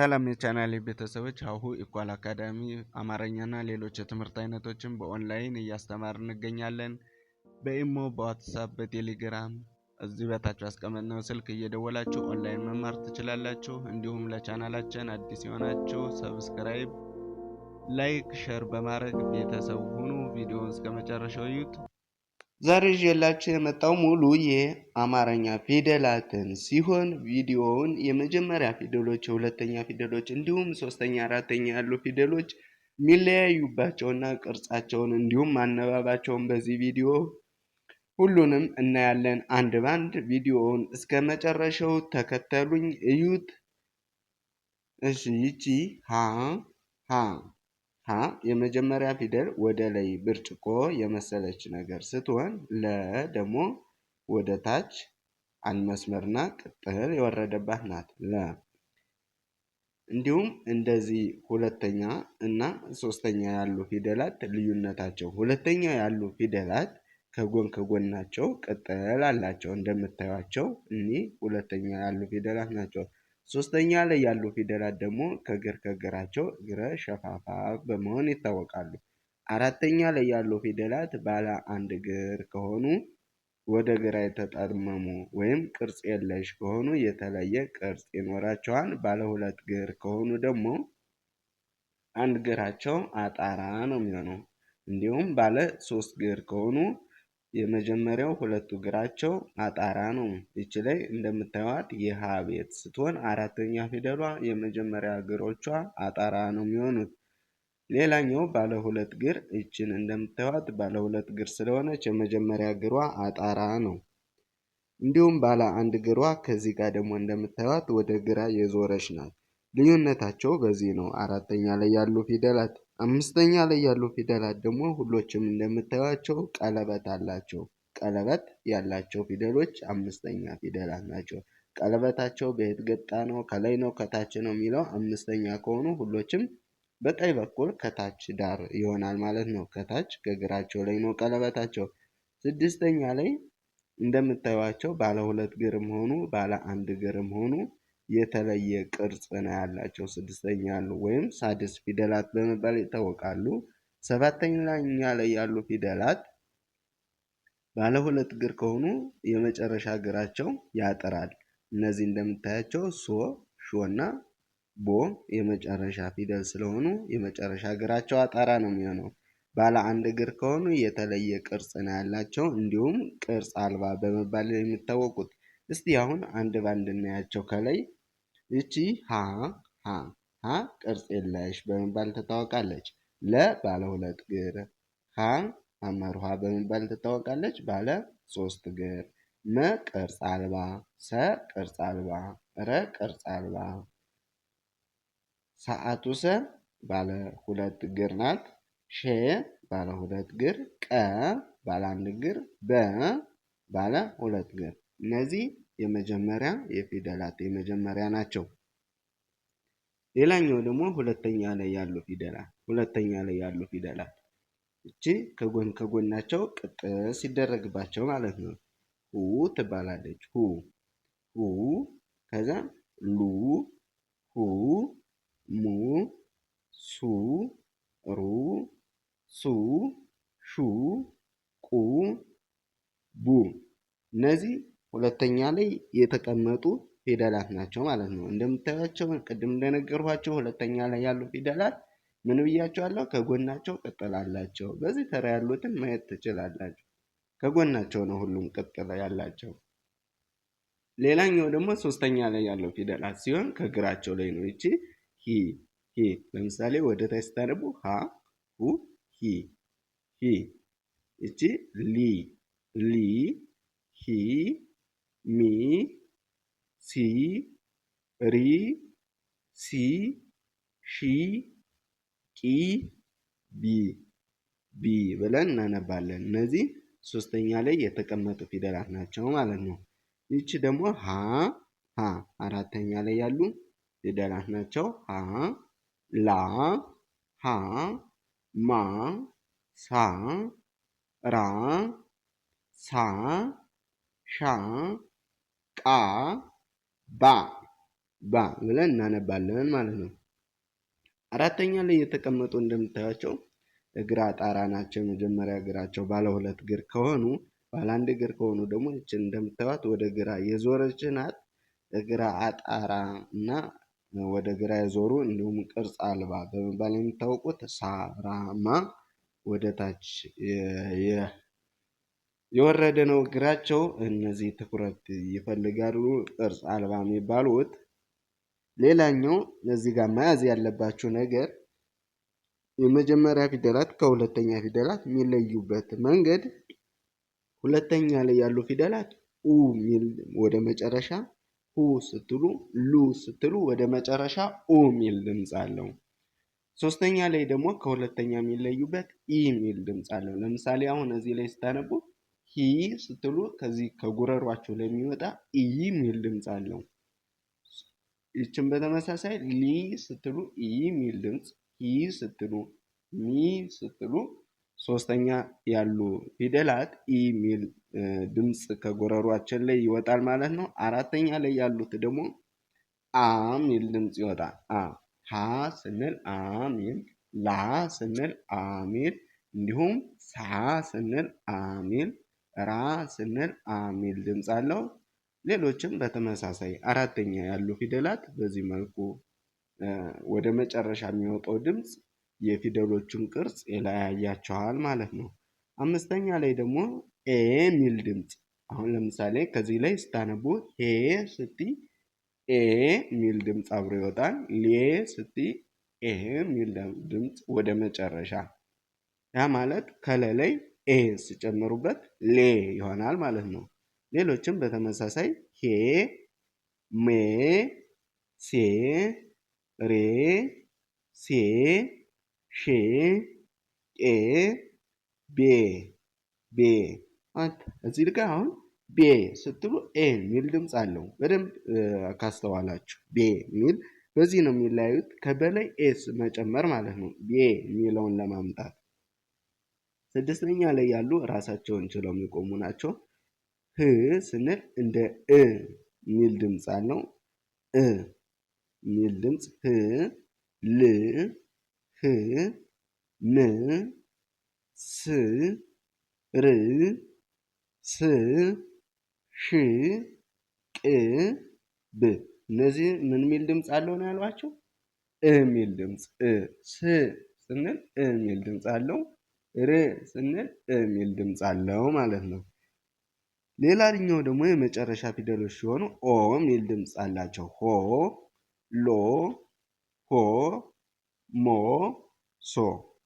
ሰላም የቻናል ቤተሰቦች ሀሁ ኢኳል አካዳሚ አማርኛና ሌሎች የትምህርት አይነቶችን በኦንላይን እያስተማር እንገኛለን። በኢሞ፣ በዋትሳፕ፣ በቴሌግራም እዚህ በታች አስቀመጥነው ስልክ እየደወላችሁ ኦንላይን መማር ትችላላችሁ። እንዲሁም ለቻናላችን አዲስ የሆናችሁ ሰብስክራይብ፣ ላይክ፣ ሸር በማድረግ ቤተሰብ ሁኑ። ቪዲዮውን እስከ መጨረሻው እዩት። ዛሬ ይዤላችሁ የመጣው ሙሉ የአማርኛ ፊደላትን ሲሆን ቪዲዮውን የመጀመሪያ ፊደሎች፣ የሁለተኛ ፊደሎች እንዲሁም ሶስተኛ፣ አራተኛ ያሉ ፊደሎች የሚለያዩባቸውና ቅርጻቸውን እንዲሁም ማነባባቸውን በዚህ ቪዲዮ ሁሉንም እናያለን አንድ ባንድ። ቪዲዮውን እስከ መጨረሻው ተከተሉኝ እዩት። እሺ ይቺ ሀ ሀ ሀ የመጀመሪያ ፊደል ወደ ላይ ብርጭቆ የመሰለች ነገር ስትሆን ለ ደግሞ ወደ ታች አንድ መስመርና ቅጥል የወረደባት ናት። ለ እንዲሁም እንደዚህ ሁለተኛ እና ሶስተኛ ያሉ ፊደላት ልዩነታቸው ሁለተኛ ያሉ ፊደላት ከጎን ከጎናቸው ቅጥል አላቸው። እንደምታዩቸው እኒህ ሁለተኛ ያሉ ፊደላት ናቸው። ሦስተኛ ላይ ያሉ ፊደላት ደግሞ ከግር ከግራቸው ግረ ሸፋፋ በመሆን ይታወቃሉ። አራተኛ ላይ ያሉ ፊደላት ባለ አንድ እግር ከሆኑ ወደ ግራ የተጠመሙ ወይም ቅርጽ የለሽ ከሆኑ የተለየ ቅርጽ ይኖራቸዋል። ባለ ሁለት እግር ከሆኑ ደግሞ አንድ እግራቸው አጣራ ነው የሚሆነው። እንዲሁም ባለ ሶስት እግር ከሆኑ የመጀመሪያው ሁለቱ እግራቸው አጣራ ነው። ይች ላይ እንደምታዩት የሀ ቤት ስትሆን አራተኛ ፊደሏ የመጀመሪያ እግሮቿ አጣራ ነው የሚሆኑት። ሌላኛው ባለ ሁለት እግር እችን እንደምታዩት ባለ ሁለት እግር ስለሆነች የመጀመሪያ እግሯ አጣራ ነው። እንዲሁም ባለ አንድ እግሯ ከዚህ ጋር ደግሞ እንደምታዩት ወደ ግራ የዞረች ናት። ልዩነታቸው በዚህ ነው። አራተኛ ላይ ያሉ ፊደላት አምስተኛ ላይ ያሉ ፊደላት ደግሞ ሁሎችም እንደምታዩቸው ቀለበት አላቸው። ቀለበት ያላቸው ፊደሎች አምስተኛ ፊደላት ናቸው። ቀለበታቸው በየት ገጣ ነው? ከላይ ነው? ከታች ነው? የሚለው አምስተኛ ከሆኑ ሁሎችም በቀኝ በኩል ከታች ዳር ይሆናል ማለት ነው። ከታች ከእግራቸው ላይ ነው ቀለበታቸው። ስድስተኛ ላይ እንደምታዩቸው ባለ ሁለት ግርም ሆኑ ባለ አንድ ግርም ሆኑ የተለየ ቅርጽ ነው ያላቸው ስድስተኛ ያሉ ወይም ሳድስ ፊደላት በመባል ይታወቃሉ። ሰባተኛ ላይ ያሉ ፊደላት ባለ ሁለት እግር ከሆኑ የመጨረሻ እግራቸው ያጥራል። እነዚህ እንደምታያቸው ሶ፣ ሾ እና ቦ የመጨረሻ ፊደል ስለሆኑ የመጨረሻ እግራቸው አጣራ ነው የሚሆነው። ባለ አንድ እግር ከሆኑ የተለየ ቅርጽ ነው ያላቸው እንዲሁም ቅርጽ አልባ በመባል የሚታወቁት። እስቲ አሁን አንድ ባንድ እናያቸው ከላይ እቺ ሀ ሀ ሀ ቅርጽ የለሽ በመባል ትታወቃለች። ለ ባለ ሁለት እግር ሀ ሐመርኋ በመባል ትታወቃለች። ባለ ሶስት እግር መ ቅርጽ አልባ ሰ ቅርጽ አልባ ረ ቅርጽ አልባ ሰዓቱ ሰ ባለ ሁለት እግር ናት። ሼ ባለ ሁለት እግር ቀ ባለ አንድ እግር በ ባለ ሁለት እግር እነዚህ የመጀመሪያ የፊደላት የመጀመሪያ ናቸው። ሌላኛው ደግሞ ሁለተኛ ላይ ያሉ ፊደላት ሁለተኛ ላይ ያሉ ፊደላት እቺ ከጎን ከጎናቸው ቅጥል ሲደረግባቸው ማለት ነው። ሁ ትባላለች። ሁ ሁ ከዛ ሉ ሁ ሙ ሱ ሩ ሱ ሹ ቁ ቡ እነዚህ ሁለተኛ ላይ የተቀመጡ ፊደላት ናቸው ማለት ነው። እንደምታዩቸው ቅድም እንደነገርኋቸው ሁለተኛ ላይ ያሉ ፊደላት ምን ብያቸዋለሁ? ከጎናቸው ቅጥል አላቸው። በዚህ ተራ ያሉትን ማየት ትችላላችሁ። ከጎናቸው ነው ሁሉም ቅጥል ያላቸው። ሌላኛው ደግሞ ሶስተኛ ላይ ያለው ፊደላት ሲሆን ከግራቸው ላይ ነው። ይቺ ሂ ሂ። ለምሳሌ ወደ ታች ስታነቡ ሀ ሁ ሂ ሂ። ይቺ ሊ ሊ ሂ ሚ ሲ ሪ ሲ ሺ ቂ ቢ ቢ ብለን እናነባለን። እነዚህ ሶስተኛ ላይ የተቀመጡ ፊደላት ናቸው ማለት ነው። ይቺ ደግሞ ሀ ሀ አራተኛ ላይ ያሉ ፊደላት ናቸው። ሀ ላ ሀ ማ ሳ ራ ሳ ሻ ቃ ባ ባ ብለን እናነባለን ማለት ነው። አራተኛ ላይ የተቀመጡ እንደምታያቸው እግር አጣራ ናቸው። የመጀመሪያ እግራቸው ባለ ሁለት እግር ከሆኑ ባለ አንድ እግር ከሆኑ ደግሞ ይችን እንደምታዩት ወደ ግራ የዞረች ናት። እግራ አጣራ እና ወደ ግራ የዞሩ እንዲሁም ቅርጽ አልባ በመባል የሚታወቁት ሳራማ ወደ ታች የወረደ ነው እግራቸው። እነዚህ ትኩረት ይፈልጋሉ፣ ጥርስ አልባ የሚባሉት። ሌላኛው እዚህ ጋር መያዝ ያለባችሁ ነገር የመጀመሪያ ፊደላት ከሁለተኛ ፊደላት የሚለዩበት መንገድ ሁለተኛ ላይ ያሉ ፊደላት ኡ ሚል ወደ መጨረሻ ሁ ስትሉ ሉ ስትሉ ወደ መጨረሻ ኡ ሚል ድምፅ አለው። ሶስተኛ ላይ ደግሞ ከሁለተኛ የሚለዩበት ኢ ሚል ድምፅ አለው። ለምሳሌ አሁን እዚህ ላይ ስታነቡት ሂ ስትሉ ከዚህ ከጉረሯቸው ላይ የሚወጣ ኢ የሚል ድምፅ አለው። ይችን በተመሳሳይ ሊ ስትሉ ኢ የሚል ድምፅ፣ ሂ ስትሉ፣ ሚ ስትሉ ሶስተኛ ያሉ ፊደላት ኢ የሚል ድምፅ ከጉረሯችን ላይ ይወጣል ማለት ነው። አራተኛ ላይ ያሉት ደግሞ አ የሚል ድምፅ ይወጣል። አ ሀ ስንል አ ሚል፣ ላ ስንል አ ሚል፣ እንዲሁም ሳ ስንል አ ሚል ራ ስንል አ የሚል ድምፅ አለው። ሌሎችም በተመሳሳይ አራተኛ ያሉ ፊደላት በዚህ መልኩ ወደ መጨረሻ የሚወጣው ድምፅ የፊደሎቹን ቅርጽ ይለያያቸዋል ማለት ነው። አምስተኛ ላይ ደግሞ ኤ የሚል ድምፅ አሁን ለምሳሌ ከዚህ ላይ ስታነቡ ሄ ስቲ ኤ የሚል ድምፅ አብሮ ይወጣል። ሌ ስቲ ኤ የሚል ድምፅ ወደ መጨረሻ ያ ማለት ከለላይ ኤን ስጨምሩበት ሌ ይሆናል ማለት ነው። ሌሎችም በተመሳሳይ ሄ፣ ሜ፣ ሴ፣ ሬ፣ ሴ፣ ሼ፣ ቄ፣ ቤ ቤ እዚህ ልጋ አሁን ቤ ስትሉ ኤ የሚል ድምፅ አለው። በደንብ ካስተዋላችሁ ቤ የሚል በዚህ ነው የሚለያዩት። ከበላይ ኤስ መጨመር ማለት ነው ቤ የሚለውን ለማምጣት ስድስተኛ ላይ ያሉ ራሳቸውን ችለው የሚቆሙ ናቸው። ህ ስንል እንደ እ የሚል ድምፅ አለው። እ የሚል ድምፅ ህ ል ህ ም ስ ር ስ ሽ ቅ ብ እነዚህ ምን የሚል ድምፅ አለው ነው ያሏቸው? እ የሚል ድምፅ እ ስ ስንል እ የሚል ድምፅ አለው። ር ስንል እ የሚል ድምፅ አለው ማለት ነው። ሌላኛው ደግሞ የመጨረሻ ፊደሎች ሲሆኑ ኦ የሚል ድምፅ አላቸው። ሆ፣ ሎ፣ ሆ፣ ሞ፣ ሶ።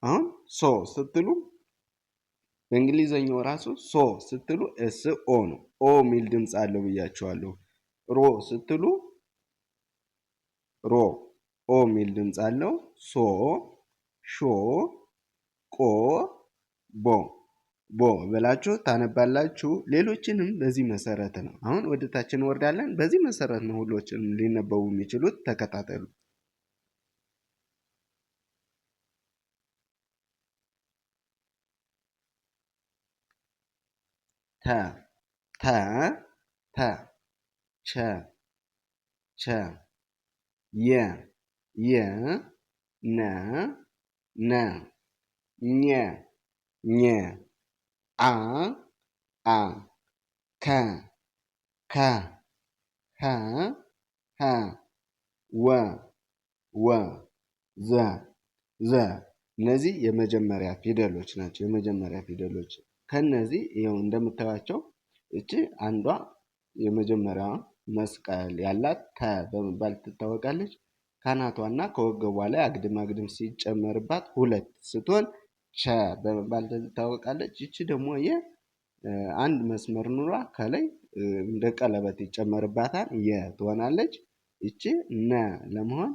አሁን ሶ ስትሉ በእንግሊዘኛው ራሱ ሶ ስትሉ እስ ኦ ነው። ኦ የሚል ድምፅ አለው ብያቸዋለሁ። ሮ ስትሉ ሮ ኦ የሚል ድምፅ አለው። ሶ፣ ሾ ቆ ቦ ቦ ብላችሁ ታነባላችሁ። ሌሎችንም በዚህ መሰረት ነው። አሁን ወደ ታች እንወርዳለን። በዚህ መሰረት ነው ሁሎችንም ሊነበቡ የሚችሉት። ተከታተሉ። ተ ተ ተ ቸ ቸ የ የ ነ ነ ኘ ኘ አ አ ከ ከ ኸ ኸ ወ ወ ዘ ዘ እነዚህ የመጀመሪያ ፊደሎች ናቸው። የመጀመሪያ ፊደሎች ከነዚህ ይኸው እንደምታዩቸው እቺ አንዷ የመጀመሪያ መስቀል ያላት ተ በመባል ትታወቃለች። እና ከወገቧ ላይ አግድም አግድም ሲጨመርባት ሁለት ስትሆን ቸ በመባል ትታወቃለች። ይቺ ደግሞ አንድ መስመር ኑሯ ከላይ እንደ ቀለበት ይጨመርባታል የ ትሆናለች። ይቺ ነ ለመሆን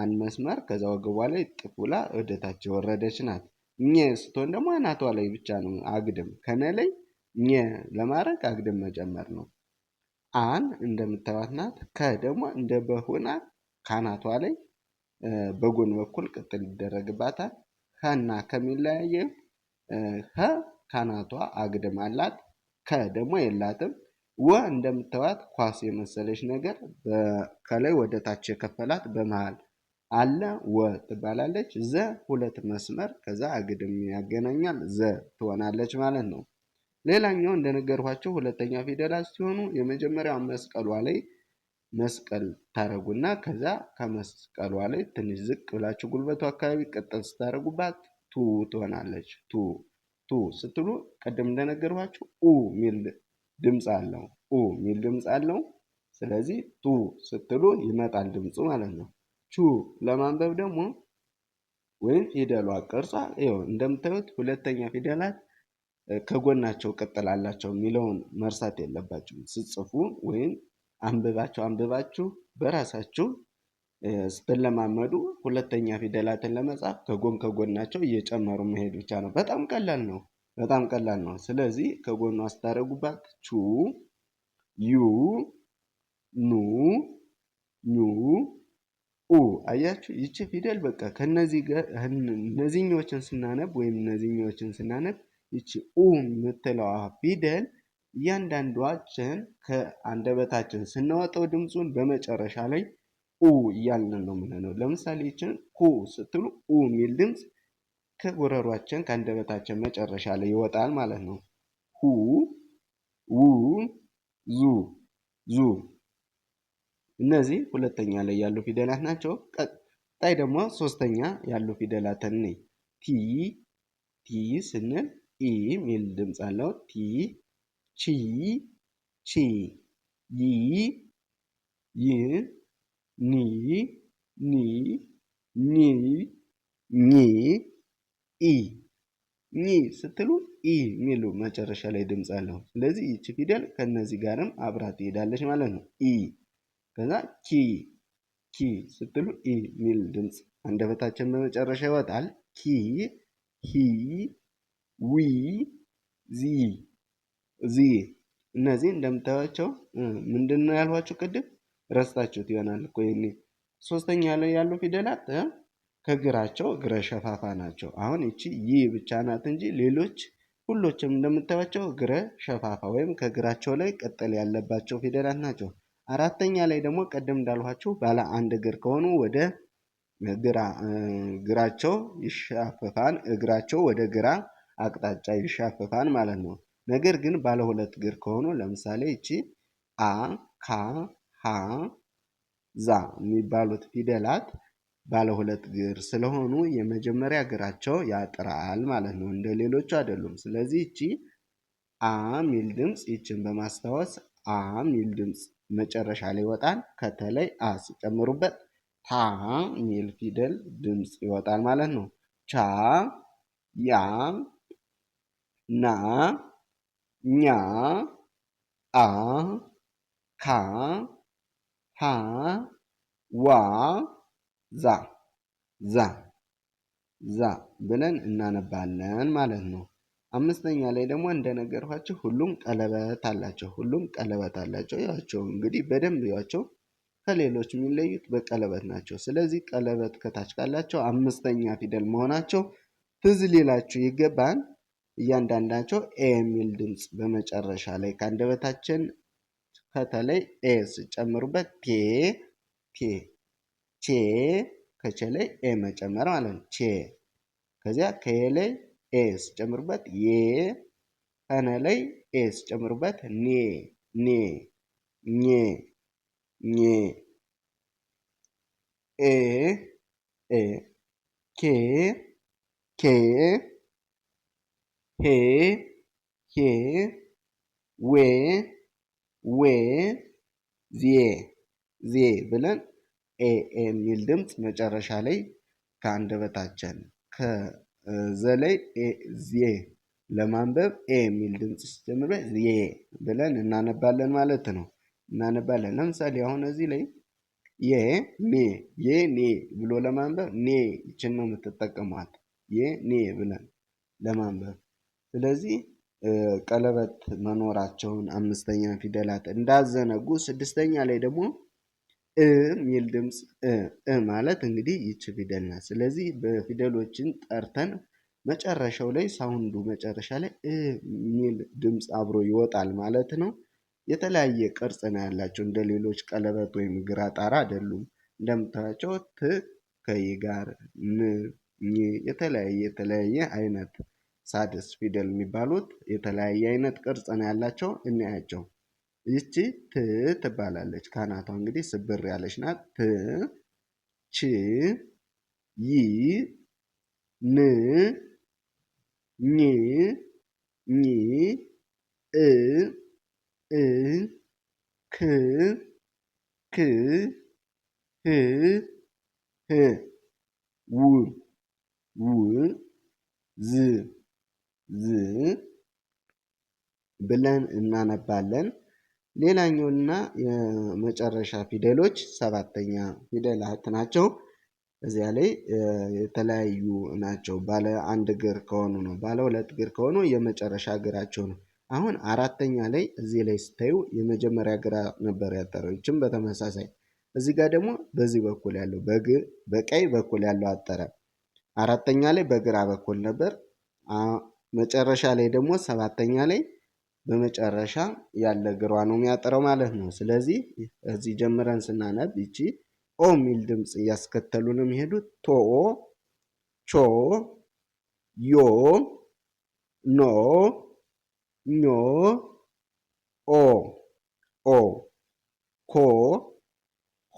አንድ መስመር ከዛ ወገቧ ላይ ጥፍ ወደታች የወረደች ናት። ኘ ስትሆን ደግሞ አናቷ ላይ ብቻ ነው አግድም ከነ ላይ ኘ ለማድረግ አግድም መጨመር ነው። አን እንደምታዩት ናት። ከ ደግሞ እንደ በሆና ከአናቷ ላይ በጎን በኩል ቅጥል ይደረግባታል። ከና ከሚለያየው ከ ካናቷ አግድም አላት። ከ ደግሞ የላትም። ወ እንደምታዩት ኳስ የመሰለች ነገር ከላይ ወደ ታች የከፈላት በመሃል አለ ወ ትባላለች። ዘ ሁለት መስመር ከዛ አግድም ያገናኛል ዘ ትሆናለች ማለት ነው። ሌላኛው እንደነገርኳቸው ሁለተኛ ፊደላት ሲሆኑ የመጀመሪያው መስቀሏ ላይ መስቀል ታደረጉና ከዛ ከመስቀሏ ላይ ትንሽ ዝቅ ብላችሁ ጉልበቱ አካባቢ ቀጠል ስታደርጉባት ቱ ትሆናለች። ቱ ቱ ስትሉ ቅድም እንደነገርኋችሁ ኡ ሚል ድምፅ አለው። ኡ ሚል ድምፅ አለው። ስለዚህ ቱ ስትሉ ይመጣል ድምፁ ማለት ነው። ቹ ለማንበብ ደግሞ ወይም ፊደሏ ቅርጿ ይኸው እንደምታዩት ሁለተኛ ፊደላት ከጎናቸው ቀጠላላቸው የሚለውን መርሳት የለባቸው ስትጽፉ ወይም አንብባችሁ አንብባችሁ በራሳችሁ ስትለማመዱ ሁለተኛ ፊደላትን ለመጻፍ ከጎን ከጎናቸው እየጨመሩ መሄድ ብቻ ነው። በጣም ቀላል ነው። በጣም ቀላል ነው። ስለዚህ ከጎኗ ስታደርጉባት ቹ፣ ዩ፣ ኑ፣ ኙ፣ ኡ አያችሁ። ይቺ ፊደል በቃ ከነዚህ እነዚህኞችን ስናነብ ወይም እነዚህኞችን ስናነብ ይቺ ኡ የምትለዋ ፊደል እያንዳንዷችን ከአንደበታችን ስናወጣው ድምፁን በመጨረሻ ላይ ኡ እያልን ነው የምንለው። ለምሳሌ ይችን ኩ ስትሉ ኡ የሚል ድምፅ ከጉረሯችን ከአንደበታችን መጨረሻ ላይ ይወጣል ማለት ነው። ሁ ው ዙ ዙ እነዚህ ሁለተኛ ላይ ያሉ ፊደላት ናቸው። ቀጣይ ደግሞ ሶስተኛ ያሉ ፊደላትን ቲ ቲ ስንል ኢ የሚል ድምፅ አለው ቲ ቺ ቺ ይ ይ ኒ ኒ ኒ ኒ ኢ ኒ ስትሉ ኢ የሚሉ መጨረሻ ላይ ድምፅ አለው። ስለዚህ ይቺ ፊደል ከነዚህ ጋርም አብራ ትሄዳለች ማለት ነው። ኢ ከዛ ኪ ኪ ስትሉ ኢ የሚል ድምፅ አንደበታችን በመጨረሻ ይወጣል። ኪ ሂ ዊ ዚ እዚህ እነዚህ እንደምታዩቸው ምንድን ነው ያልኋቸው? ቅድም ረስታችሁት ይሆናል እኮ ይሄኔ። ሶስተኛ ላይ ያሉ ፊደላት ከግራቸው እግረ ሸፋፋ ናቸው። አሁን ይቺ ይ ብቻ ናት እንጂ ሌሎች ሁሎችም እንደምታያቸው እግረ ሸፋፋ ወይም ከግራቸው ላይ ቅጠል ያለባቸው ፊደላት ናቸው። አራተኛ ላይ ደግሞ ቀደም እንዳልኋቸው ባለ አንድ እግር ከሆኑ ወደ ግራ እግራቸው ይሻፈፋን እግራቸው ወደ ግራ አቅጣጫ ይሻፈፋል ማለት ነው። ነገር ግን ባለ ሁለት እግር ከሆኑ ለምሳሌ እቺ አ ካ ሀ ዛ የሚባሉት ፊደላት ባለ ሁለት እግር ስለሆኑ የመጀመሪያ እግራቸው ያጥራል ማለት ነው። እንደ ሌሎቹ አይደሉም። ስለዚህ እቺ አ ሚል ድምፅ ይችን በማስታወስ አ ሚል ድምፅ መጨረሻ ላይ ይወጣል። ከተለይ አ ሲጨምሩበት ታ ሚል ፊደል ድምፅ ይወጣል ማለት ነው። ቻ ያ ና ኛ አ ካ ሃ ዋ ዛ ዛ ዛ ብለን እናነባለን ማለት ነው። አምስተኛ ላይ ደግሞ እንደነገርኳቸው ሁሉም ቀለበት አላቸው። ሁሉም ቀለበት አላቸው። ያቸው እንግዲህ በደንብ ያቸው ከሌሎች የሚለዩት በቀለበት ናቸው። ስለዚህ ቀለበት ከታች ካላቸው አምስተኛ ፊደል መሆናቸው ትዝ ሊላችሁ ይገባል። እያንዳንዳቸው ኤ የሚል ድምፅ በመጨረሻ ላይ ከአንደበታችን ከተለይ ኤ ስጨምሩበት ቴ ቴ ቼ ከቼ ላይ ኤ መጨመር ማለት ነው። ቼ ከዚያ ከየ ላይ ኤ ስጨምሩበት ዬ ከነ ላይ ኤ ስጨምሩበት ኔ ኔ ኜ ኜ ኤ ኤ ኬ ኬ ሄ ሄ ዌ ዌ ዜ ዜ ብለን ኤ ኤ የሚል ድምፅ መጨረሻ ላይ ከአንደበታችን ከዘ ላይ ዜ ለማንበብ ኤ የሚል ድምፅ ሲጀምር ዜ ብለን እናነባለን ማለት ነው። እናነባለን ለምሳሌ አሁን እዚህ ላይ የ ኔ የ ኔ ብሎ ለማንበብ ኔ ይችን ነው የምትጠቀሟት። የ ኔ ብለን ለማንበብ ስለዚህ ቀለበት መኖራቸውን አምስተኛ ፊደላት እንዳዘነጉ ስድስተኛ ላይ ደግሞ እ የሚል ድምፅ እ ማለት እንግዲህ ይች ፊደል ናት። ስለዚህ በፊደሎችን ጠርተን መጨረሻው ላይ ሳውንዱ መጨረሻ ላይ እ የሚል ድምፅ አብሮ ይወጣል ማለት ነው። የተለያየ ቅርጽ ነው ያላቸው። እንደ ሌሎች ቀለበት ወይም ግራ ጣራ አይደሉም። እንደምታያቸው ት ከይ ጋር ም የተለያየ የተለያየ አይነት ሳድስ ፊደል የሚባሉት የተለያየ አይነት ቅርጽ ነው ያላቸው። እናያቸው። ይቺ ት ትባላለች። ካናቷ እንግዲህ ስብር ያለች ናት። ት ች ይ ን ኝ ኝ እ እ ክ ክ ህ ህ ው ው ዝ ዝ ብለን እናነባለን። ሌላኛውና የመጨረሻ ፊደሎች ሰባተኛ ፊደላት ናቸው። እዚያ ላይ የተለያዩ ናቸው። ባለ አንድ እግር ከሆኑ ነው። ባለ ሁለት እግር ከሆኑ የመጨረሻ እግራቸው ነው። አሁን አራተኛ ላይ እዚህ ላይ ስታዩ የመጀመሪያ ግራ ነበር ያጠረው። ይችም በተመሳሳይ እዚህ ጋር ደግሞ በዚህ በኩል ያለው በቀይ በኩል ያለው አጠረ። አራተኛ ላይ በግራ በኩል ነበር። መጨረሻ ላይ ደግሞ ሰባተኛ ላይ በመጨረሻ ያለ እግሯ ነው የሚያጥረው ማለት ነው። ስለዚህ እዚህ ጀምረን ስናነብ ይቺ ኦ የሚል ድምፅ እያስከተሉ ነው የሚሄዱት። ቶ፣ ቾ፣ ዮ፣ ኖ፣ ኞ፣ ኦ፣ ኦ፣ ኮ፣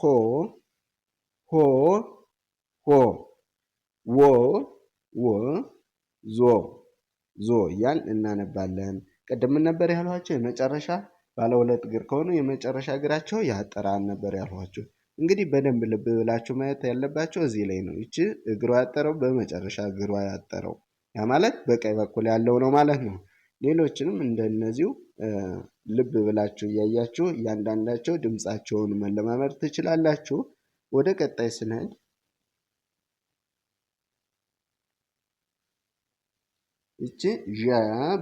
ሆ፣ ሆ፣ ሆ፣ ዎ፣ ዎ፣ ዞ ዞ እያል እናነባለን። ቅድም ነበር ያልኋቸው? የመጨረሻ ባለ ሁለት እግር ከሆኑ የመጨረሻ እግራቸው ያጠራን ነበር ያልኋቸው። እንግዲህ በደንብ ልብ ብላችሁ ማየት ያለባቸው እዚህ ላይ ነው። ይቺ እግሯ ያጠረው በመጨረሻ እግሯ ያጠረው ያ ማለት በቀኝ በኩል ያለው ነው ማለት ነው። ሌሎችንም እንደነዚሁ ልብ ብላችሁ እያያችሁ እያንዳንዳቸው ድምፃቸውን መለማመድ ትችላላችሁ። ወደ ቀጣይ ስንሄድ ይቺ ዠ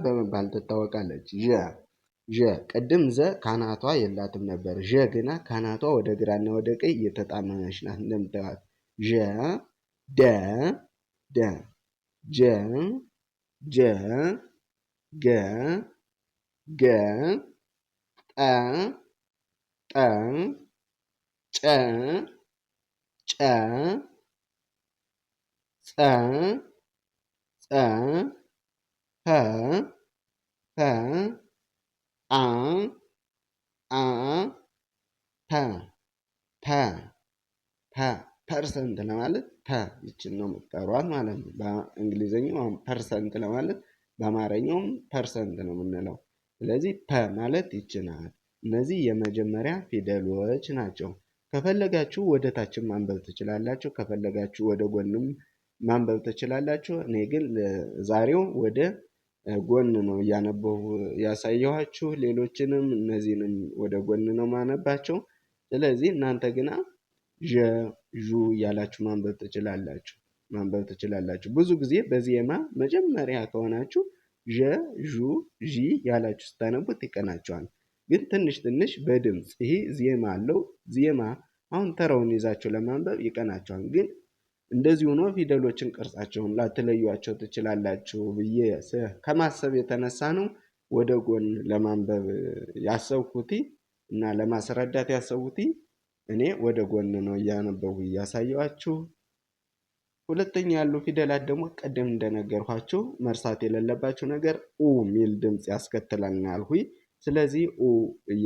በመባል ትታወቃለች። ዠ ዠ ቅድም ዘ ካናቷ የላትም ነበር። ዠ ግና ካናቷ ወደ ግራና ወደ ቀኝ የተጣመመች ናት። እንደምታዩት ዠ ደ ደ ጀ ጀ ገ ገ ጠ ጠ ጨ ጨ ጸ ጸ ህ ህ አ አ ፐ ፐ ፐ ፐርሰንት ለማለት ፐ ይችን ነው የምትጠሯት ማለት ነው። በእንግሊዘኛው ፐርሰንት ለማለት በአማርኛውም ፐርሰንት ነው የምንለው። ስለዚህ ፐ ማለት ይችናል። እነዚህ የመጀመሪያ ፊደሎች ናቸው። ከፈለጋችሁ ወደ ታችም ማንበብ ትችላላችሁ። ከፈለጋችሁ ወደ ጎንም ማንበብ ትችላላችሁ። እኔ ግን ዛሬው ወደ ጎን ነው እያነበቡ ያሳየኋችሁ ሌሎችንም እነዚህንም ወደ ጎን ነው ማነባቸው። ስለዚህ እናንተ ግና ዠ ዡ እያላችሁ ማንበብ ትችላላችሁ ማንበብ ትችላላችሁ። ብዙ ጊዜ በዜማ መጀመሪያ ከሆናችሁ ዠ ዡ ዢ ያላችሁ ስታነቡት ይቀናቸዋል። ግን ትንሽ ትንሽ በድምፅ ይሄ ዜማ አለው ዜማ አሁን ተረውን ይዛችሁ ለማንበብ ይቀናቸዋል ግን እንደዚህ ሆኖ ፊደሎችን ቅርጻቸውን ላትለዩቸው ትችላላችሁ ብዬ ከማሰብ የተነሳ ነው ወደ ጎን ለማንበብ ያሰብኩት እና ለማስረዳት ያሰብኩት እኔ ወደ ጎን ነው እያነበቡ እያሳየኋችሁ። ሁለተኛ ያሉ ፊደላት ደግሞ ቀደም እንደነገርኳችሁ መርሳት የሌለባችሁ ነገር ኡ ሚል ድምፅ ያስከትላልና ያልሁኝ። ስለዚህ ኡ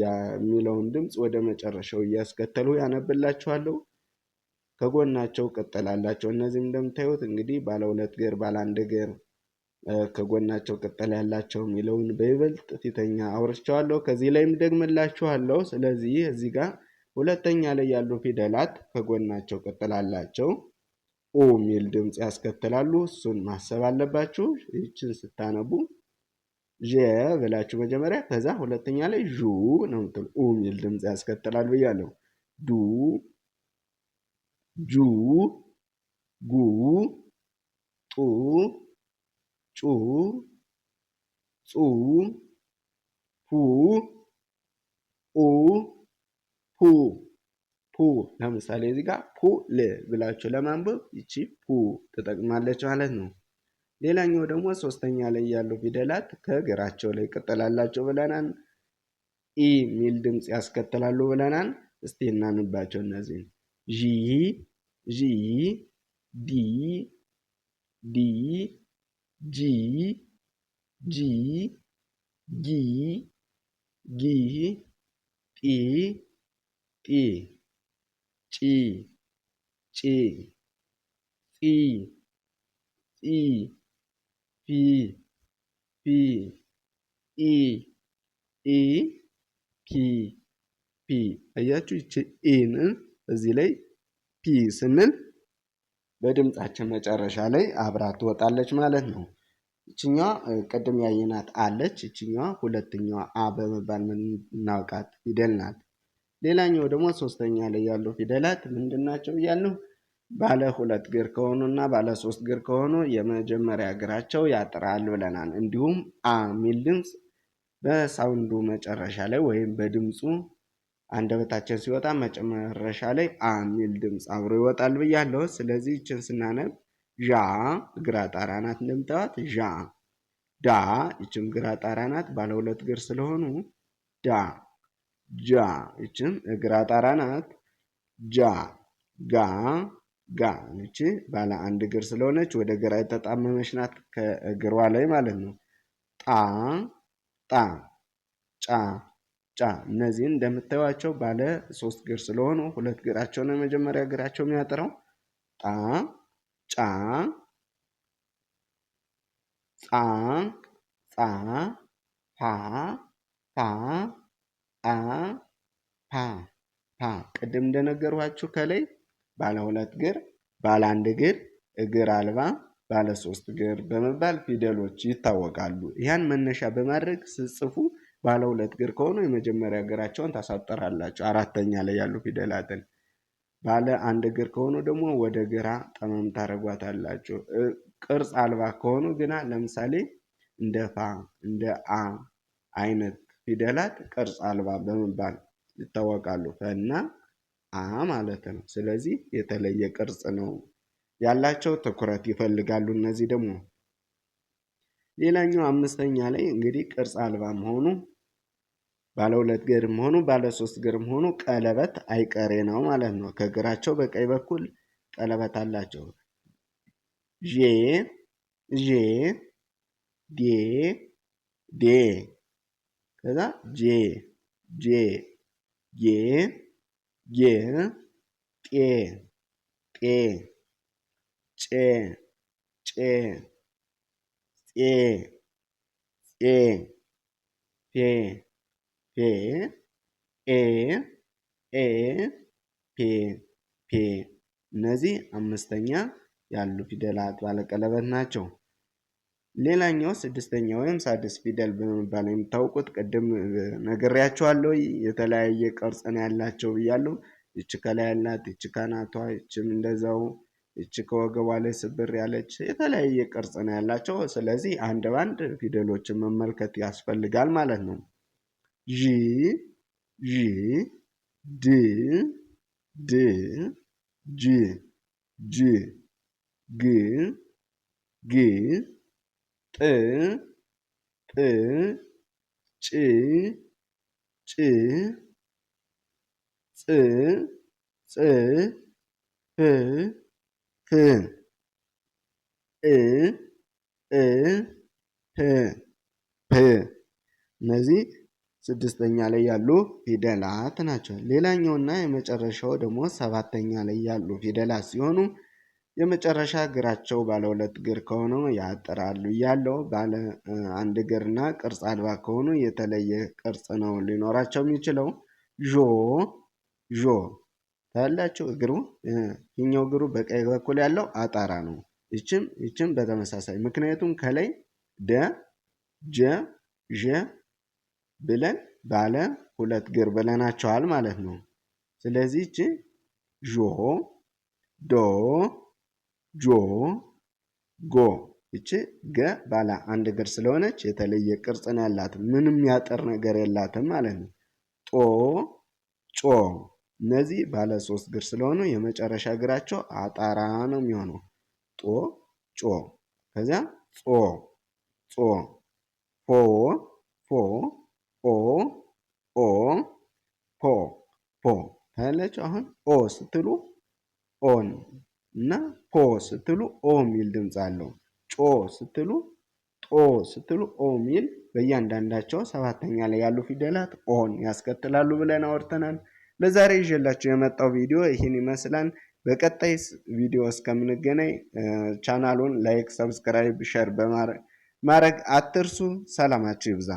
የሚለውን ድምፅ ወደ መጨረሻው እያስከተሉ ያነብላችኋለሁ። ከጎናቸው ቅጠል አላቸው። እነዚህም እንደምታዩት እንግዲህ ባለ ሁለት እግር፣ ባለ አንድ እግር፣ ከጎናቸው ቅጠል ያላቸው የሚለውን በይበልጥ ፊተኛ አውርቼዋለሁ። ከዚህ ላይም ደግምላችኋለሁ። ስለዚህ እዚህ ጋር ሁለተኛ ላይ ያሉ ፊደላት ከጎናቸው ቅጠል አላቸው ኡ የሚል ድምፅ ያስከትላሉ። እሱን ማሰብ አለባችሁ። ይችን ስታነቡ ዤ ብላችሁ መጀመሪያ፣ ከዛ ሁለተኛ ላይ ዡ ነው ምትሉ ኡ የሚል ድምፅ ያስከትላል ብያለሁ ዱ ጁ ጉ ጡ ጩ ጹ ሁ ኡ ፑ ፑ ለምሳሌ እዚህ ጋር ፑ ል ብላችሁ ለማንበብ ይቺ ፑ ትጠቅማለች ማለት ነው። ሌላኛው ደግሞ ሶስተኛ ላይ ያሉ ፊደላት ከእግራቸው ላይ ቀጠላላቸው ብለናል። ኢ የሚል ድምፅ ያስከትላሉ ብለናል። እስቲ እናንባቸው እነዚህን gi, gi, di, di, di, di, gi, gi, pi, pi, ti, ti, fi, fi, pi, pi, e, e, pi, pi. Aí é a Twitch é E, né? እዚህ ላይ ፒ ስንል በድምፃችን መጨረሻ ላይ አብራ ትወጣለች ማለት ነው። ይችኛዋ ቅድም ያየናት አለች። ይችኛዋ ሁለተኛዋ አ በመባል የምናውቃት ፊደል ናት። ሌላኛው ደግሞ ሶስተኛ ላይ ያሉ ፊደላት ምንድን ናቸው ባለ ሁለት ግር ከሆኑ እና ባለ ሶስት ግር ከሆኑ የመጀመሪያ እግራቸው ያጥራል ብለናል። እንዲሁም አ የሚል ድምፅ በሳውንዱ መጨረሻ ላይ ወይም በድምፁ አንደበታችን ሲወጣ መጨመረሻ ላይ አ የሚል ድምፅ አብሮ ይወጣል ብያለሁ። ስለዚህ ይችን ስናነብ ዣ ግራ ጣራ ናት እንደምታዩት ዣ ዳ ይችም ግራ ጣራ ናት ባለ ሁለት እግር ስለሆኑ ዳ ጃ ይችም እግራ ጣራ ናት ጃ ጋ ጋ ይች ባለ አንድ እግር ስለሆነች ወደ ግራ የተጣመመች ናት ከእግሯ ላይ ማለት ነው። ጣ ጣ ጫ ጫ እነዚህን እንደምታዩቸው ባለ ሶስት እግር ስለሆኑ ሁለት እግራቸው ነው የመጀመሪያ እግራቸው የሚያጥረው። ጣ ጫ ጻ ጻ ፋ ፋ ጣ ፓ ፓ ቅድም እንደነገርኋችሁ ከላይ ባለ ሁለት እግር፣ ባለ አንድ እግር፣ እግር አልባ፣ ባለ ሶስት እግር በመባል ፊደሎች ይታወቃሉ። ያን መነሻ በማድረግ ስጽፉ ባለ ሁለት እግር ከሆኑ የመጀመሪያ እግራቸውን ታሳጠራላቸው አራተኛ ላይ ያሉ ፊደላትን። ባለ አንድ እግር ከሆኑ ደግሞ ወደ ግራ ጠመም ታደርጓታላችሁ። ቅርጽ አልባ ከሆኑ ግና ለምሳሌ እንደ ፋ እንደ አ አይነት ፊደላት ቅርጽ አልባ በመባል ይታወቃሉ። ፈና አ ማለት ነው። ስለዚህ የተለየ ቅርጽ ነው ያላቸው፣ ትኩረት ይፈልጋሉ። እነዚህ ደግሞ ሌላኛው አምስተኛ ላይ እንግዲህ ቅርጽ አልባ መሆኑ ባለ ሁለት ገርም ሆኑ ባለ ሶስት ገርም ሆኑ ቀለበት አይቀሬ ነው ማለት ነው። ከግራቸው በቀኝ በኩል ቀለበት አላቸው። ዤ ዤ ዴ ዴ ከዛ ጄ ጄ ጌ ጌ ጤ ጤ ጬ ጬ ጼ ጼ ጼ ፔ ኤ ኤ ፔ ፔ እነዚህ አምስተኛ ያሉ ፊደላት ባለቀለበት ናቸው። ሌላኛው ስድስተኛ ወይም ሳድስ ፊደል በመባል የምታውቁት ቅድም ነግሬያቸዋለሁ። የተለያየ ቅርጽ ቅርጽን ያላቸው ብያለሁ። ይቺ ከላይ ያላት፣ ይቺ ከናቷ፣ ይችም እንደዛው፣ ይቺ ከወገቧ ላይ ስብር ያለች የተለያየ ቅርጽ ነው ያላቸው። ስለዚህ አንድ ባንድ ፊደሎችን መመልከት ያስፈልጋል ማለት ነው። ዥ ዥ ድ ድ ጅ ጅግ ግ ጥ ጥ ጭ ጭ ጽ ጽ ህ ህ እ እ ህ ህ እነዚህ ስድስተኛ ላይ ያሉ ፊደላት ናቸው። ሌላኛውና የመጨረሻው ደግሞ ሰባተኛ ላይ ያሉ ፊደላት ሲሆኑ የመጨረሻ እግራቸው ባለ ሁለት እግር ከሆኑ ያጠራሉ እያለው ባለ አንድ እግርና ቅርጽ አልባ ከሆኑ የተለየ ቅርጽ ነው ሊኖራቸው የሚችለው። ዦ ዦ ታያላችሁ። እግሩ ይኛው እግሩ በቀኝ በኩል ያለው አጣራ ነው። ይችም ይችም በተመሳሳይ ምክንያቱም ከላይ ደ ጀ ዠ ብለን ባለ ሁለት እግር ብለናቸዋል ማለት ነው። ስለዚህ እቺ ዦ፣ ዶ፣ ጆ፣ ጎ እቺ ገ ባለ አንድ እግር ስለሆነች የተለየ ነው ያላት ምንም ያጠር ነገር የላትም ማለት ነው። ጦ፣ ጮ እነዚህ ባለ ሶስት እግር ስለሆኑ የመጨረሻ እግራቸው አጣራ ነው የሚሆነው። ጦ፣ ጮ ከዚያ ጾ፣ ጾ፣ ፎ፣ ፎ ኦ ኦ ፖ ፖ ታያላችሁ። አሁን ኦ ስትሉ ኦን እና ፖ ስትሉ ኦ የሚል ድምፅ አለው። ጮ ስትሉ ጦ ስትሉ ኦ የሚል በእያንዳንዳቸው ሰባተኛ ላይ ያሉ ፊደላት ኦን ያስከትላሉ ብለን አወርተናል። ለዛሬ ይዤላችሁ የመጣው ቪዲዮ ይህን ይመስላል። በቀጣይ ቪዲዮ እስከምንገናኝ ቻናሉን ላይክ፣ ሰብስክራይብ፣ ሸር በማድረግ አትርሱ። ሰላማችሁ ይብዛ።